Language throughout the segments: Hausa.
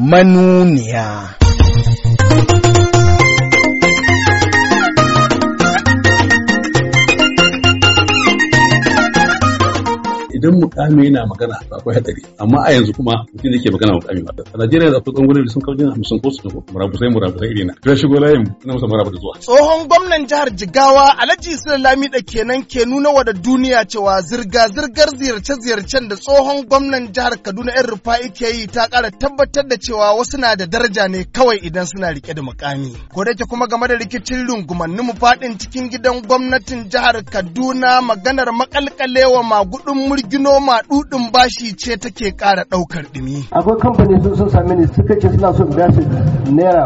manuniya. idan mukami yana magana to akwai hadari amma a yanzu kuma mutum yake magana mukami ba a Najeriya da akwai gwamnati sun kawo jin hamsin ko su murabusai murabusai na. ya shigo layin na musa murabu da zuwa tsohon gwamnan jihar Jigawa Alhaji Sulami da kenan ke nuna wa da duniya cewa zirga zirgar ziyarce ziyarcen da tsohon gwamnan jihar Kaduna yan Rufa'i ke yi ta kara tabbatar da cewa wasu na da daraja ne kawai idan suna rike da mukami ko da kuma game da rikicin rungumannin mu fadin cikin gidan gwamnatin jihar Kaduna maganar makalkalewa magudun murgi gino dudin bashi ce take ƙara ɗaukar ɗumi. Akwai kamfani sun sun sami ne suka ce suna so biya su naira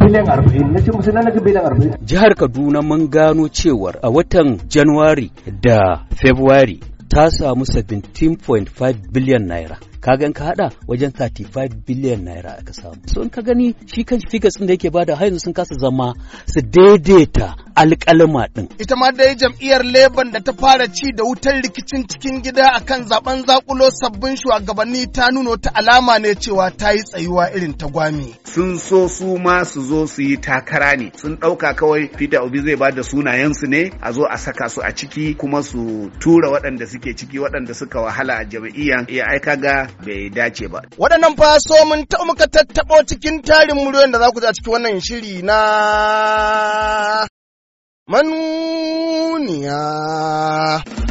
biliyan arba'in na ce musu na naga biliyan arba'in. Jihar Kaduna mun gano cewar a watan Januwari da Februari ta samu 17.5 biliyan naira. Ka in ka hada wajen 35 billion naira aka samu so in ka gani shi kan figures din da yake bada har yanzu sun kasa zama su daidaita alƙalma din ita ma dai jam'iyyar leban da ta fara ci da wutar rikicin cikin gida akan zaben zakulo sabbin shugabanni ta nuno ta alama ne cewa ta yi tsayuwa irin ta gwami sun so su ma su zo su yi takara ne sun ɗauka kawai Peter Obi zai ba da sunayensu ne a zo a saka su a ciki kuma su tura waɗanda suke ciki waɗanda suka wahala a jam'iyyar ya eh, aika ga bai dace ba. Waɗannan fa so mun taɓa muka tattaɓo cikin tarin muryoyin da za ku ji a cikin wannan shiri na manuniya.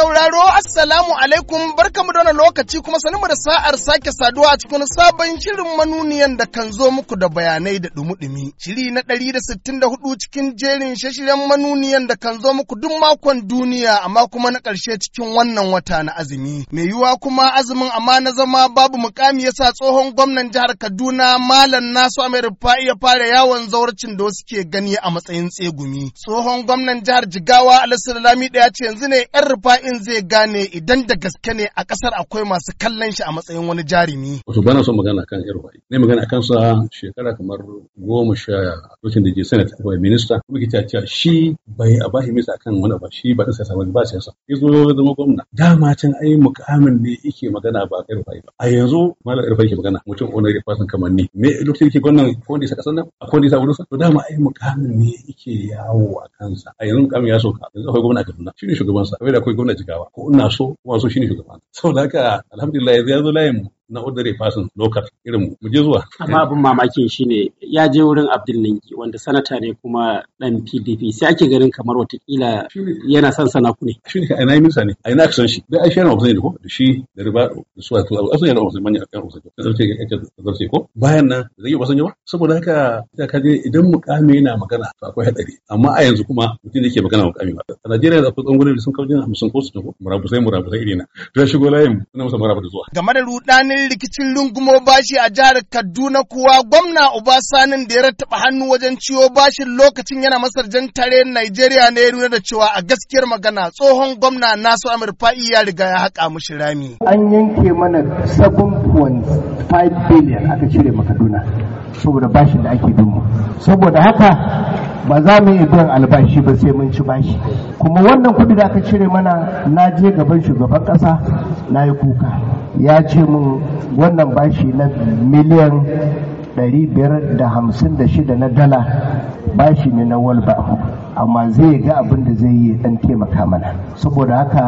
sauraro assalamu alaikum barkamu da wani lokaci kuma mu da sa'ar sake saduwa a cikin sabon shirin manuniyan da kan zo muku da bayanai da dumi-dumi. Shiri na ɗari da sittin da hudu cikin jerin shashiren manuniyan da kan zo muku duk makon duniya amma kuma na ƙarshe cikin wannan wata na azumi. Mai yiwuwa kuma azumin amma na zama babu mukami yasa tsohon gwamnan jihar Kaduna Malam Nasu Amir Fa'i ya fara yawon zauracin da wasu ke gani a matsayin tsegumi. Tsohon gwamnan jihar Jigawa Alhassan Lami ɗaya ce yanzu ne 'yan rufa'i ɗin zai gane idan da gaske ne a ƙasar akwai masu kallon shi a matsayin wani jarumi. Wato bana son magana kan Irwai. Ne magana kan sa shekara kamar goma sha lokacin da ke Senate ko minista kuma ke cewa shi bai a bashi misa kan wani ba shi ba ɗan siyasa ba siyasa. Ya zo zama gwamna. Dama can ai mukamin ne yake magana ba Irwai ba. A yanzu malam Irwai ke magana mutum wani da fasan kamar ni. Me lokacin yake gwamna ko sa ƙasar nan ko sa da sa. to dama ai mukamin ne yake yawo a kansa. A yanzu mukamin ya soka yanzu akwai gwamna a Kaduna shi ne shugaban sa. Akwai da akwai gwamna jigawa ko ina so kuma so shine shugaba saboda haka alhamdulillah yanzu ya zo layin mu na ordinary person local irin mu je zuwa amma abin mamakin shine ya je wurin Abdul Ninki wanda sanata ne kuma dan PDP sai ake ganin kamar watakila yana son sana ku ne shine ai nayi minsa ne ai na san shi da ai shi yana ofisai ko da shi da riba da suwa to abu asan yana ofisai manya akan ofisai ko sai yake zarce ko bayan nan zai yi wasan yawa saboda haka da ka je idan mukami yana magana to akwai hadari amma a yanzu kuma mutum da yake magana mukami ba a Najeriya da akwai tsangunan da sun kawo jin 50 ko su murabusai murabusai irina to ya shigo layin suna masa marabu da zuwa game da rudani tsakanin rikicin rungumo bashi a jihar Kaduna kuwa gwamna Uba Obasanin da ya rattaba hannu wajen ciwo bashin lokacin yana masar jan tare Najeriya ne ya nuna da cewa a gaskiyar magana tsohon gwamna Nasu Amir Fa'i ya riga ya haƙa mushi rami. An yanke mana 7.5 billion aka cire ma Kaduna saboda bashin da ake bin Saboda haka ba za mu iya don albashi ba sai mun ci bashi kuma wannan kuɗi da aka cire mana na je gaban shugaban ƙasa na yi kuka ya ce min wannan bashi na miliyan 556 na dala bashi ne na walba amma zai ga abin da zai yi dan taimaka mana saboda haka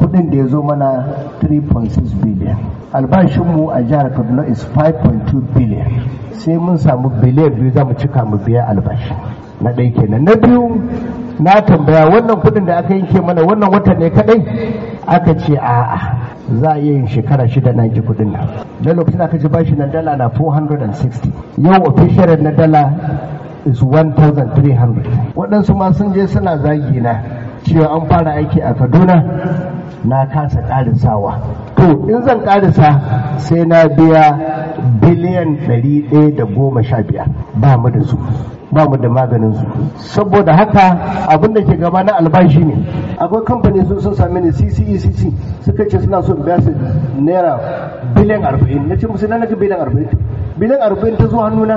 kudin da ya zo mana 3.6 biliyan albashinmu a jihar kaduna is 5.2 biliyan sai mun samu biliyan biyu za mu cika mu biya albashi na ɗai kenan na biyu na tambaya wannan kudin da aka yanke mana wannan watan ne kadai aka ce a'a za a yin shekara shida na ji kudin nan na lokacin aka ji bashi na dala na 460 yau official na dala is 1300 waɗansu ma sun je suna zagi na cewa an fara aiki a kaduna na kasa ƙarisawa to in zan ƙarisa sai na biya biliyan 115 ba mu da su ba mu da maganin su saboda haka abin da ke gaba na albashi ne akwai kamfani sun sun sami ne CCECC suka ce suna son biya su naira biliyan arba'in na ce musu na naga biliyan arba'in biliyan arba'in ta zuwa hannuna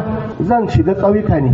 zan shiga ƙauyuka ne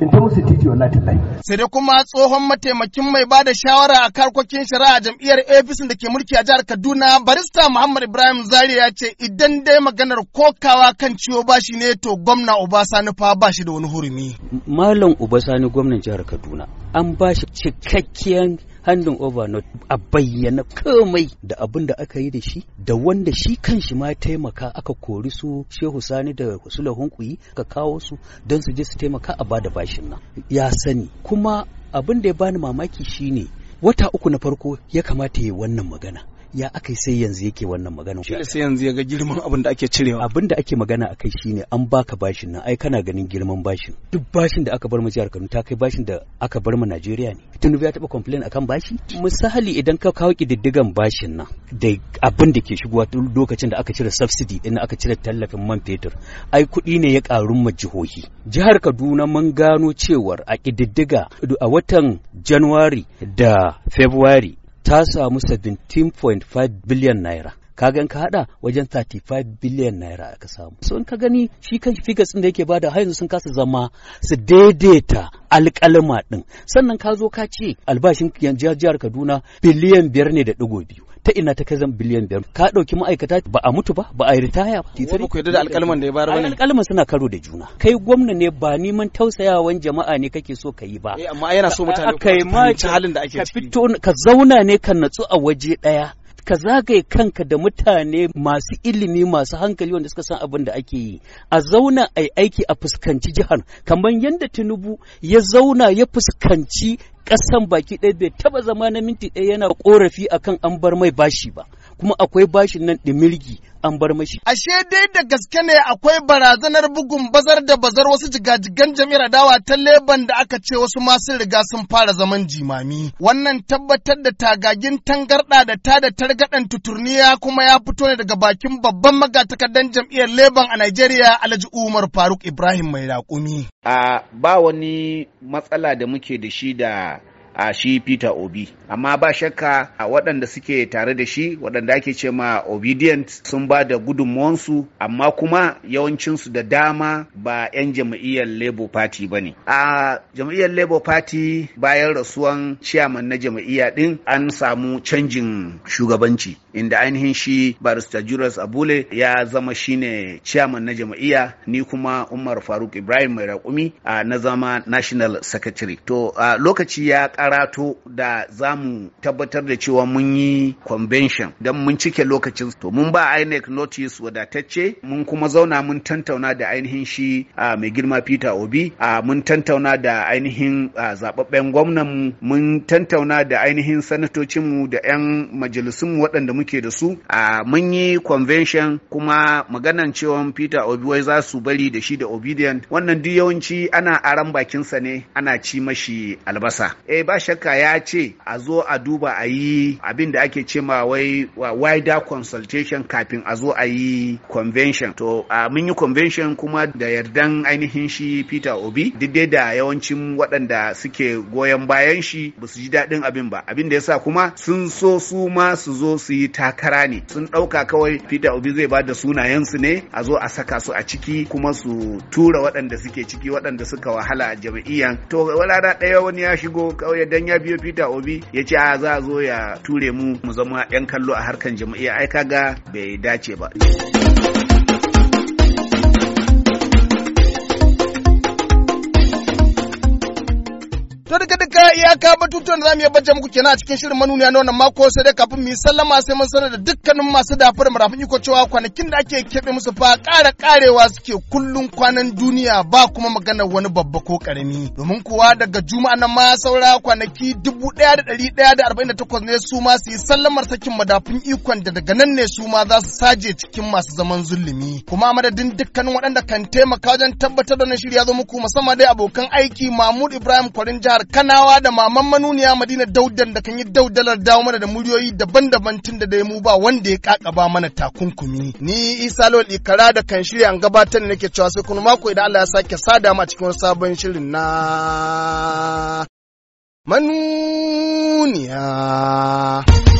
in ta musu titi wallahi tallahi. Sai dai kuma tsohon mataimakin mai bada shawara a karkokin shari'a jam'iyyar APC da ke mulki a jihar Kaduna barista Muhammad Ibrahim Zari ya ce idan dai maganar kokawa kan ciwo bashi ne to gwamna Obasani fa ba shi da wani hurumi. Malam Obasani gwamnan jihar Kaduna an ba shi cikakkiyar handin over note a bayyana komai da abin da aka yi da shi da wanda shi kan shi ma taimaka aka kori su shehu sani da sula hunkuyi ka kawo su don su je su taimaka a bada bashin nan ya sani kuma abin da ya bani mamaki shine wata uku na farko ya kamata ya yi wannan magana ya aka sai yanzu yake wannan magana shi sai yanzu ya ga girman abin da ake cirewa abin da ake magana akai shine an baka bashin nan ai kana ganin girman bashin duk bashin da aka bar mu jihar Kano ta kai bashin da aka bar mu Najeriya ne Tinubu ya taba complain akan bashi misali idan ka kawo kididdigan bashin nan da abin da ke shigowa lokacin da aka cire subsidy din aka cire tallafin man fetur ai kuɗi ne ya karu mu jihohi jihar Kaduna mun gano cewar a kididdiga a watan January da February ta samu 17.5 biliyan naira Ka in ka hada wajen 35 biliyan naira aka samu so in ka gani shi kan figures din da yake bada har yanzu sun kasa zama su daidaita alƙalma din sannan ka zo ka ce albashin jihar Kaduna biliyan biyar ne da digo biyu ta ina ta kai zan biliyan biyar ka ɗauki ma'aikata ba a mutu ba ba a ritaya ba ba ku yarda da alƙalman da ya bayar bane alƙalman suna karo da juna kai gwamna ne ba neman tausayawan jama'a ne kake so ka yi ba eh amma yana so mutane halin da ake ciki ka fito ka zauna ne ka natsu a waje ɗaya ka zagaye kanka da mutane masu ilimi masu hankali wanda suka san abin da ake yi a zauna a yi aiki a fuskanci jihar kamar yadda tinubu ya zauna ya fuskanci ƙasan baki ɗaya bai taba zama na minti ɗaya yana ƙorafi akan an bar mai bashi ba kuma akwai bashin nan ɗimirgi an bar mashi. Ashe dai da gaske ne akwai barazanar bugun bazar da bazar wasu jigajigan jami'ar dawa ta leban da aka ce wasu masu riga sun fara zaman jimami. Wannan tabbatar da tagagin tangarɗa da ta da targaɗan tuturniya kuma ya fito ne daga bakin babban magatakardan jam'iyyar leban a Najeriya Alhaji Umar Faruk Ibrahim mai raƙumi. A ba wani matsala da muke da shi da a shi peter obi amma ba shakka a waɗanda suke tare da shi waɗanda ake ce ma obedient sun ba da gudunmuwansu amma kuma yawancinsu da dama ba 'yan jam'iyyar labour party ba ne a jam'iyyar labour party bayan rasuwan ciyaman na jam'iyya ɗin an samu canjin shugabanci inda ainihin shi barista Julius Abule ya zama shine chairman na jam'iyya ni kuma Umar Faruk Ibrahim mai raƙumi a na zama National Secretary. To a lokaci ya karato da za mu tabbatar da cewa mun yi convention don mun cike lokacin to mun ba INEC notice wadatacce mun kuma zauna mun tantauna da ainihin shi a mai girma Peter Obi a mun tantauna da ainihin zababben gwamnan mun tantauna da ainihin sanatocinmu da 'yan majalisunmu waɗanda mun. muke da su a mun yi convention kuma maganan cewa Peter Obi wai za su bari da shi da obedient wannan duk yawanci ana aran bakinsa ne ana ci mashi albasa eh ba shakka ya ce a zo a duba a yi abin da ake ce ma wai wider consultation kafin a zo a yi convention to a mun yi convention kuma da yardan ainihin shi Peter Obi daidai da yawancin waɗanda suke goyon bayan shi ba su ji daɗin abin ba abin da yasa kuma sun so su ma su zo su yi takara ne sun ɗauka kawai Peter Obi zai ba da sunayensu ne a zo a saka su a ciki kuma su tura waɗanda suke ciki waɗanda suka wahala a jam'iyyan to walada ɗaya wani ya shigo kawai dan ya biyo Peter Obi ya ce a za a zo ya ture mu mu zama 'yan kallo a harkan jam'iyya ai kaga bai dace ba. To daga ka iyaka batutuwan da mu iya bajja muku kenan a cikin shirin manuniya na wannan mako sai dai kafin mu yi sallama sai mun sanar da dukkanin masu dafar marafin iko cewa kwanakin da ake keɓe musu fa ƙara ƙarewa suke kullun kwanan duniya ba kuma maganar wani babba ko ƙarami domin kuwa daga juma'a nan ma saura kwanaki dubu ɗaya da ɗari ɗaya da arba'in da takwas ne su ma su yi sallamar sakin madafin ikon da daga nan ne su ma za su saje cikin masu zaman zulumi kuma madadin dukkanin waɗanda kan taimaka wajen tabbatar da wannan shirya zo muku musamman dai abokan aiki Mahmud Ibrahim Kwarin jihar Kanawa Adamawa da maman manuniya Madina Daudan da kan yi daudalar dawo mana da muryoyi daban-daban tun da mu ba wanda ya kakaba mana takunkumi. Ni Isa Lawal Ikara da kan shirya an gabatar da nake cewa sai kuma mako idan Allah ya sake sada ma cikin sabon shirin na manuniya.